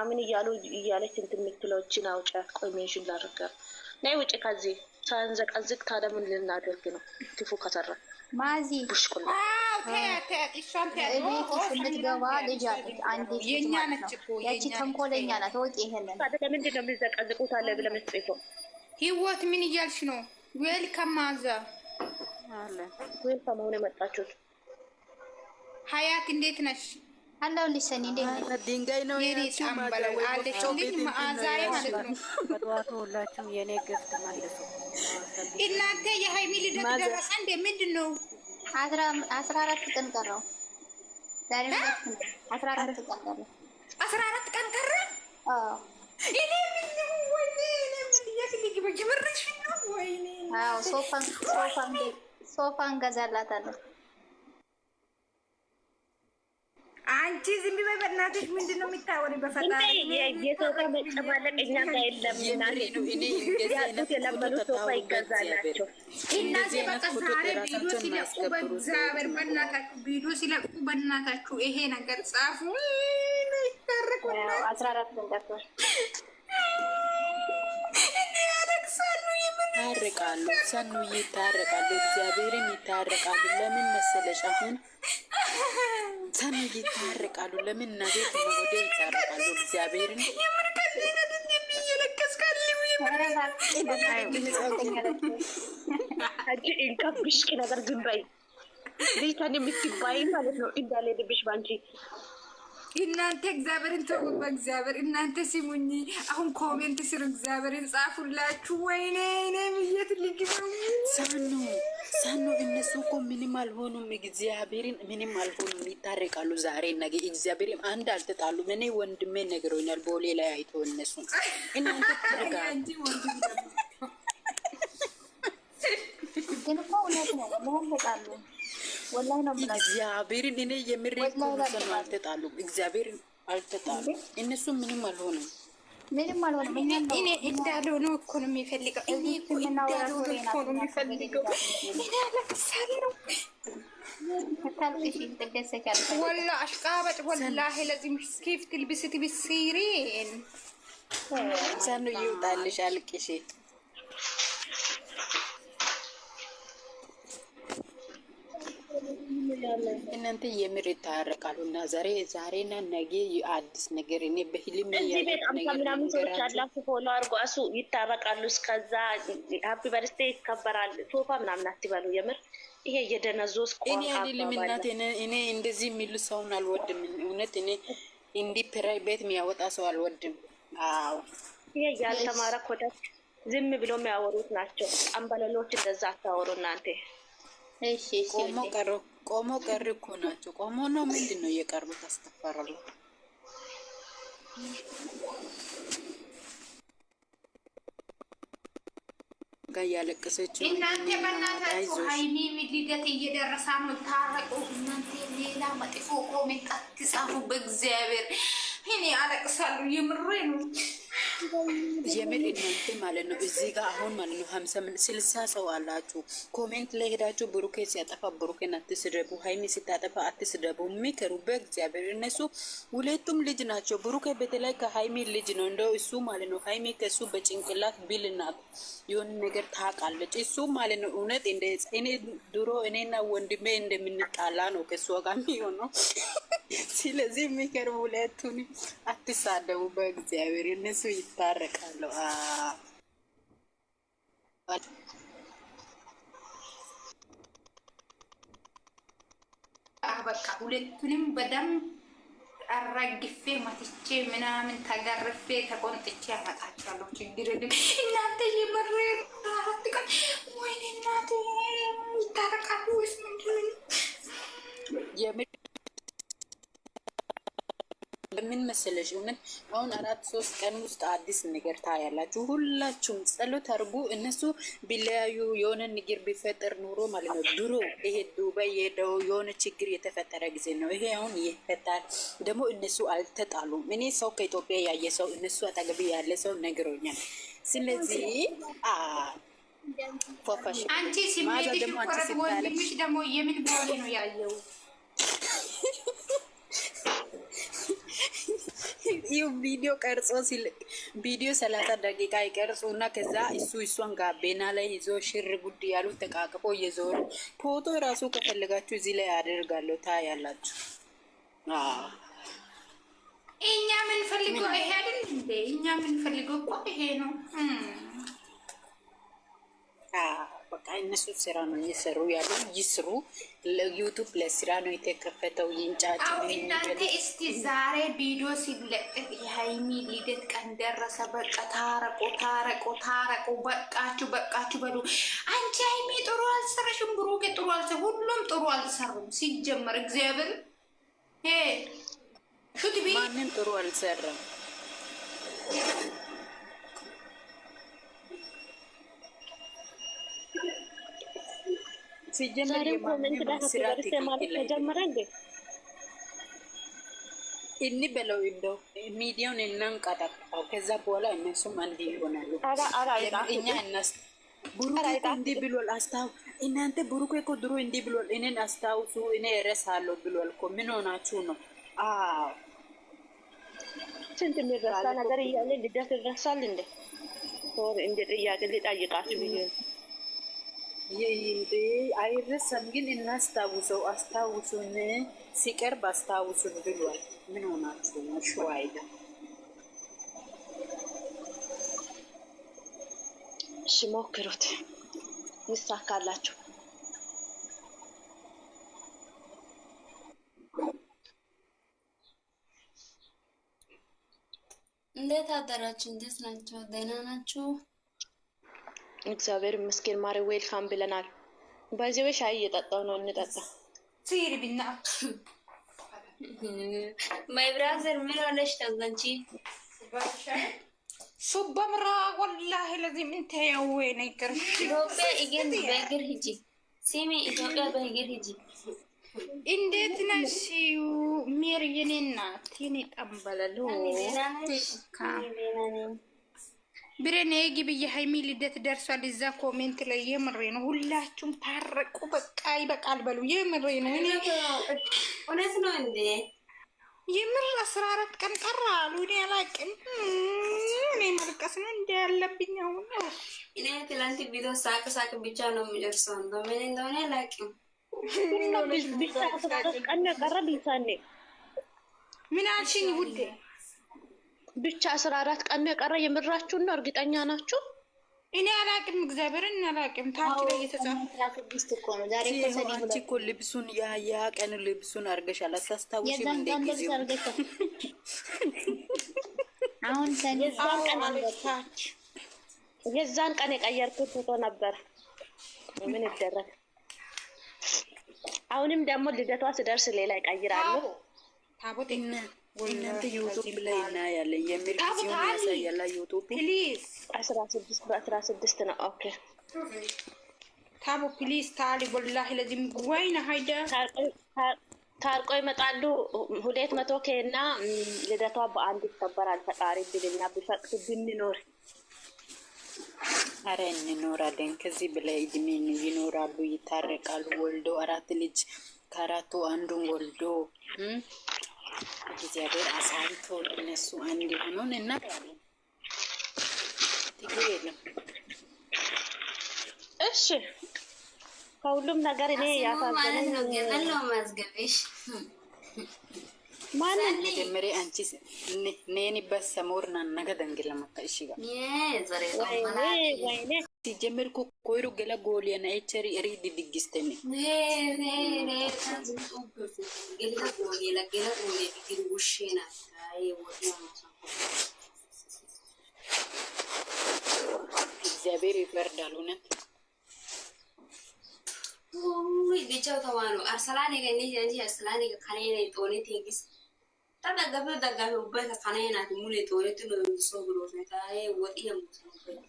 አምን እያሉ እያለች እንትን የምትለችን አውጫት። ቆይ ሜንሽን ላድርጋት። ናይ ውጭ ከዚህ ሳንዘቀዝቅ ታዲያ ምን ልናደርግ ነው? ክፉ ከሰራ ማዚ ቤት የምትገባ አንድ ያቺ ተንኮለኛ ናት። ወቂ ይሄንን ለምንድን ነው የምዘቀዝቁት? አለ ብለህ የምትጽፈው ህይወት ምን እያልሽ ነው? ዌልካም ማዛ ዌልካም ሆነ መጣችሁት። ሀያት እንዴት ነሽ? አለው እንዴ እንዴ ድንጋይ ነው አለች። እንግዲህ መዓዛዬ ማለት ነው። በጠዋቱ ሁላችሁም የኔ ግፍት መልሱ። እናንተ የሀይሚ ልደት ደረሰ እንዴ? ምንድን ነው? አስራ አራት ቀን ቀረው። ዛሬ አስራ አራት ቀን ቀረ። አስራ አራት ቀን ቀረ። እኔ ምን ወይኔ፣ እኔ ምን የክሊግ በጅምርሽ ነው ወይኔ። ሶፋን ሶፋን ሶፋን ገዛላታለሁ አንቺ ዝም ብለሽ በእናትሽ ምንድን ነው የሚታወሪ? በፈጣሪ የሰው ጋር መጨማለቅ እኛ ጋር የለም። ያሉት የለመዱ ሰው ይገዛላቸው። እነዚህ በቃ ዛሬ ቢዱ ሲለቁ በእግዚአብሔር በእናታችሁ ቢዱ ሲለቁ በእናታችሁ ይሄ ነገር ጻፉ። አስራ አራት ንቀቷል ይታረቃሉ። ሰኑዬ ይታረቃሉ። እግዚአብሔርም ይታረቃሉ። ለምን መሰለሽ አሁን ተነግ ይታረቃሉ። ለምን ነገ ወደ ይታረቃሉ። እግዚአብሔርን ቀብሽ ነገር ዝም በይ። ልጅቷን የምትባይ ማለት ነው እንዳለ ልብሽ ባንቺ እናንተ እግዚአብሔርን ተው፣ በእግዚአብሔር እናንተ ሲሙኝ። አሁን ኮሜንት ስር እግዚአብሔርን ጻፉላችሁ። ወይኔ ኔ ምየት ልግ ሳኑ ሳኑ። እነሱ እኮ ምንም አልሆኑም፣ እግዚአብሔርን ምንም አልሆኑም። ይታረቃሉ ዛሬ ነገ። እግዚአብሔርም አንድ አልተጣሉም። እኔ ወንድሜ ነገሮኛል፣ ቦሌ ላይ አይቶ እነሱ እናንተ ትርጋ ግን እኮ እውነት ነው ለሆን ተጣሉ ወላሂ ነው የምናገር። እግዚአብሔርን እኔ የምሬ ነው። አልተጣሉም፣ እግዚአብሔርን አልተጣሉም። እነሱ ምንም አልሆነም፣ ምንም አልሆነም። እኔ እንዳልሆነ እኮ ነው የሚፈልገው። እኔ እንዳልሆነ እኮ ነው የሚፈልገው። እኔ አለቅሳለሁ። ወላ አሽቃበጭ ወላሂ ለዚህ ስኬፍ ትልብስ ትብስ ሲሪን ሰኑ ይውጣልሽ አልቅሽ እናንተ የምር ይታረቃሉ እና ዛሬ ዛሬና ነገ አዲስ ነገር እኔ በህልም እዚህ ቤት አምሳ ምናምን ሰዎች አላፉ ሆኖ አርጎ እሱ ይታረቃሉ። እስከዛ ሀፒ በርስቴ ይከበራል። ቶፋ ምናምን አትበሉ። የምር ይሄ እየደነዞ ስቆኔ አልልም። እናት እኔ እንደዚህ የሚሉ ሰውን አልወድም። እውነት እኔ እንዲህ ፕራይቬት የሚያወጣ ሰው አልወድም። አዎ ይሄ ያልተማረ ኮተት ዝም ብሎ የሚያወሩት ናቸው። ቀንበለሎች እንደዛ አታወሩ እናንተ። እሺ ቆሞ ቀረው ቆሞ ቀሪ እኮ ናቸው። ቆሞ ነው ምንድን ነው እየቀርቡት አስተፈራሉ። ጋ እያለቀሰች ሀይሚ ምድገት እየደረሳ ምታረቁ እናንተ ሌላ መጥፎ ቆሜ አትጻፉ። በእግዚአብሔር ይኔ አለቅሳሉ። የምሬ ነው። የምር እናንተ ማለት ነው እዚህ ጋር አሁን ማለት ነው ሀምሳ ስልሳ ሰው አላችሁ። ኮሜንት ላይ ሄዳችሁ ብሩኬ ሲያጠፋ ብሩኬን አትስደቡ፣ ሀይሚ ስታጠፋ አትስደቡ፣ ምክሩ በእግዚአብሔር። እነሱ ሁለቱም ልጅ ናቸው። ብሩኬ በተለይ ከሀይሚ ልጅ ነው። እንደው እሱ ማለት ነው ሀይሚ ከሱ በጭንቅላት ቢልና የሆነ ነገር ታውቃለች። እሱ ማለት ነው እውነት ድሮ እኔና ወንድሜ እንደምንጣላ ነው ከሱ ጋር የሚሆነው ስለዚህ የሚገርም ሁለቱን አትሳደቡ፣ በእግዚአብሔር እነሱ ይታረቃሉ። በቃ ሁለቱንም በደምብ አራግፌ መትቼ ምናምን ተገርፌ ተቆንጥቼ ያመጣቸዋለሁ። ችግር እናንተ የበሬ አራት ቀን ወይኔ እናቴ ይታረቃሉ ወይስ ምንድን ነው? ምን መሰለሽ፣ እውነት አሁን አራት ሶስት ቀን ውስጥ አዲስ ነገር ታያላችሁ። ሁላችሁም ጸሎት አርጉ። እነሱ ቢለያዩ የሆነ ንግር ቢፈጠር ኑሮ ማለት ነው። ድሮ ይሄ ዱባይ የሄደው የሆነ ችግር የተፈጠረ ጊዜ ነው። ይሄ አሁን ይፈታል። ደግሞ እነሱ አልተጣሉም። እኔ ሰው ከኢትዮጵያ ያየ ሰው እነሱ አጠገብ ያለ ሰው ነግሮኛል። ስለዚህ አንቺ ሲሜትሽ ደግሞ የምን በሆነ ነው ያየው ይህ ቪዲዮ ቀርጾ ሲልክ ቪዲዮ ሰላሳ ደቂቃ ይቀርጹ እና ከዛ እሱ እሷን ጋቤና ላይ ይዞ ሽር ጉድ ያሉ ተቃቅፎ እየዞሩ ፎቶ ራሱ ከፈለጋችሁ እዚህ ላይ አደርጋለሁ። ታያላችሁ። እኛ ምን ፈልገው ይሄ አይደል እንዴ? እኛ ምን ፈልገው እኮ ይሄ ነው። በቃ እነሱ ስራ ነው እየሰሩ ያሉ ይስሩ። ዩቱብ ለስራ ነው የተከፈተው። ይንጫጭ። እናንተ እስቲ ዛሬ ቪዲዮ ሲለቀቅ የሀይሚ ልደት ቀን ደረሰ። በቃ ታረቁ፣ ታረቁ፣ ታረቁ። በቃችሁ፣ በቃችሁ በቃችሁ በሉ። አንቺ ሀይሚ ጥሩ አልሰረሽም፣ ብሩኬ ጥሩ አልሰ፣ ሁሉም ጥሩ አልሰሩም። ሲጀመር እግዚአብሔር ሹትቢ ማንም ጥሩ አልሰራም። ሲጀመር ኮሜንት ላይ ሀፒ ማለት ተጀመረ እንዴ? እኒ በለው እንደው ሚዲያውን እናንቀጠቅጠው። ከዛ በኋላ እነሱም አንድ ይሆናሉ። እኛ እነሱ ብሩክ እኮ እንዲህ ብሏል አስታው እናንተ ብሩክ እኮ ድሮ እንዲህ ብሏል፣ እኔን አስታውሱ፣ እኔ እረሳለሁ ብሏል እኮ። ምን ሆናችሁ ነው? አዎ ስንት የሚረሳ ነገር እያለ ልደት ይረሳል እንዴ? እንደ ጥያቄ ልጠይቃችሁ ብዬ ይህ አይረሳም ግን እናስታውሰው፣ አስታውሱን፣ ሲቀርብ አስታውሱን ብሏል። ምን ሆናችሁ ነው? ሽዋ አይደል? እሺ ሞክሩት፣ ይሳካላችሁ። እንዴት አደራችሁ? እንዴት ናቸው? ደህና ናችሁ? እግዚአብሔር ይመስገን። ማሪ ዌልካም ብለናል። በዚህ ሻይ እየጠጣው ነው። እንጠጣ ሲሪ ሲሪብና ማይ ብራዘር ምን አለሽ? ታዛንቺ ሱባ ምራ ወላሂ ለዚህም እንተያዌ ነገር ኢትዮጵያ እግን በእግር ሂጂ ሲሚ ኢትዮጵያ በእግር ሂጂ እንዴት ነሽ ሜሪ? የኔ እናት የኔ ጠንበለሎ ብሬን የግብ የሀይሚ ልደት ደርሷል። እዛ ኮሜንት ላይ የምሬ ነው። ሁላችሁም ታረቁ፣ በቃ ይበቃል በሉ። የምሬ ነው። እኔ እውነት ነው እንዴ የምር አስራ አራት ቀን ቀረ እኔ አላቅም። እኔ መልቀስ ነው እንደ ያለብኝ አሁን። እኔ ትላንት ቪዲዮ ሳቅ ሳቅ ብቻ ነው የሚደርሰው በምን እንደሆነ አላቅም። ምን አልሽኝ ውዴ? ብቻ አስራ አራት ቀን ነው የቀረ። የምራችሁን ነው? እርግጠኛ ናችሁ? እኔ አላቅም፣ እግዚአብሔርን አላቅም። ታች ላይ የተጻፈ እኮ ልብሱን ያ ያ ቀን ልብሱን አርገሻል። አስታውሽም ቀን አርገታች የዛን ቀን የቀየርኩት ፎቶ ነበር። ምን ይደረግ። አሁንም ደግሞ ልደቷ ስደርስ ሌላ ይቀይራሉ ታቦት እናንተ ዩቱብ ላይ እናያለን የሚል ሲሆን ያሳያላ። ዩቱብ አስራ ስድስት በአስራ ስድስት ነው። ኦኬ ታቦ ፕሊዝ ታሊ ወላሂ ለዚህም ወይነ ሀይደ ታርቆ ይመጣሉ። ሁለት መቶ ኬና ልደቷ በአንድ ይከበራል። ፈጣሪ ብልና ቢፈቅድ ብንኖር አረ እንኖራለን። ከዚህ በላይ እድሜን ይኖራሉ፣ ይታረቃሉ። ወልዶ አራት ልጅ ከአራቱ አንዱን ወልዶ እግዚአብሔር አሳልቶ እነሱ አንድ የሆነውን እናያለን። ትግል የለም። እሺ ከሁሉም ነገር እኔ ያሳዘነኝ ነው። ማዝገብሽ ማንን መጀመሪያ አንቺ ኔን በሰሞርና ነገ ደንግል ለመጣ እሺ ጋር ሲጀምር እኮ ኮይሩ ገለ ጎሊያና ኤቸሪ ሪድ ድግስተኒ እግዚአብሔር ይፈርዳል እውነት ልጃው ተዋኑ አርሰላኔ ገ አርሰላኔ ከኔ ጦኔ ቴግስ tana gabda dagaafe ubbayka qanaynaati mule dooyatunosooguloosantaayee eh, wadhiya muusanubay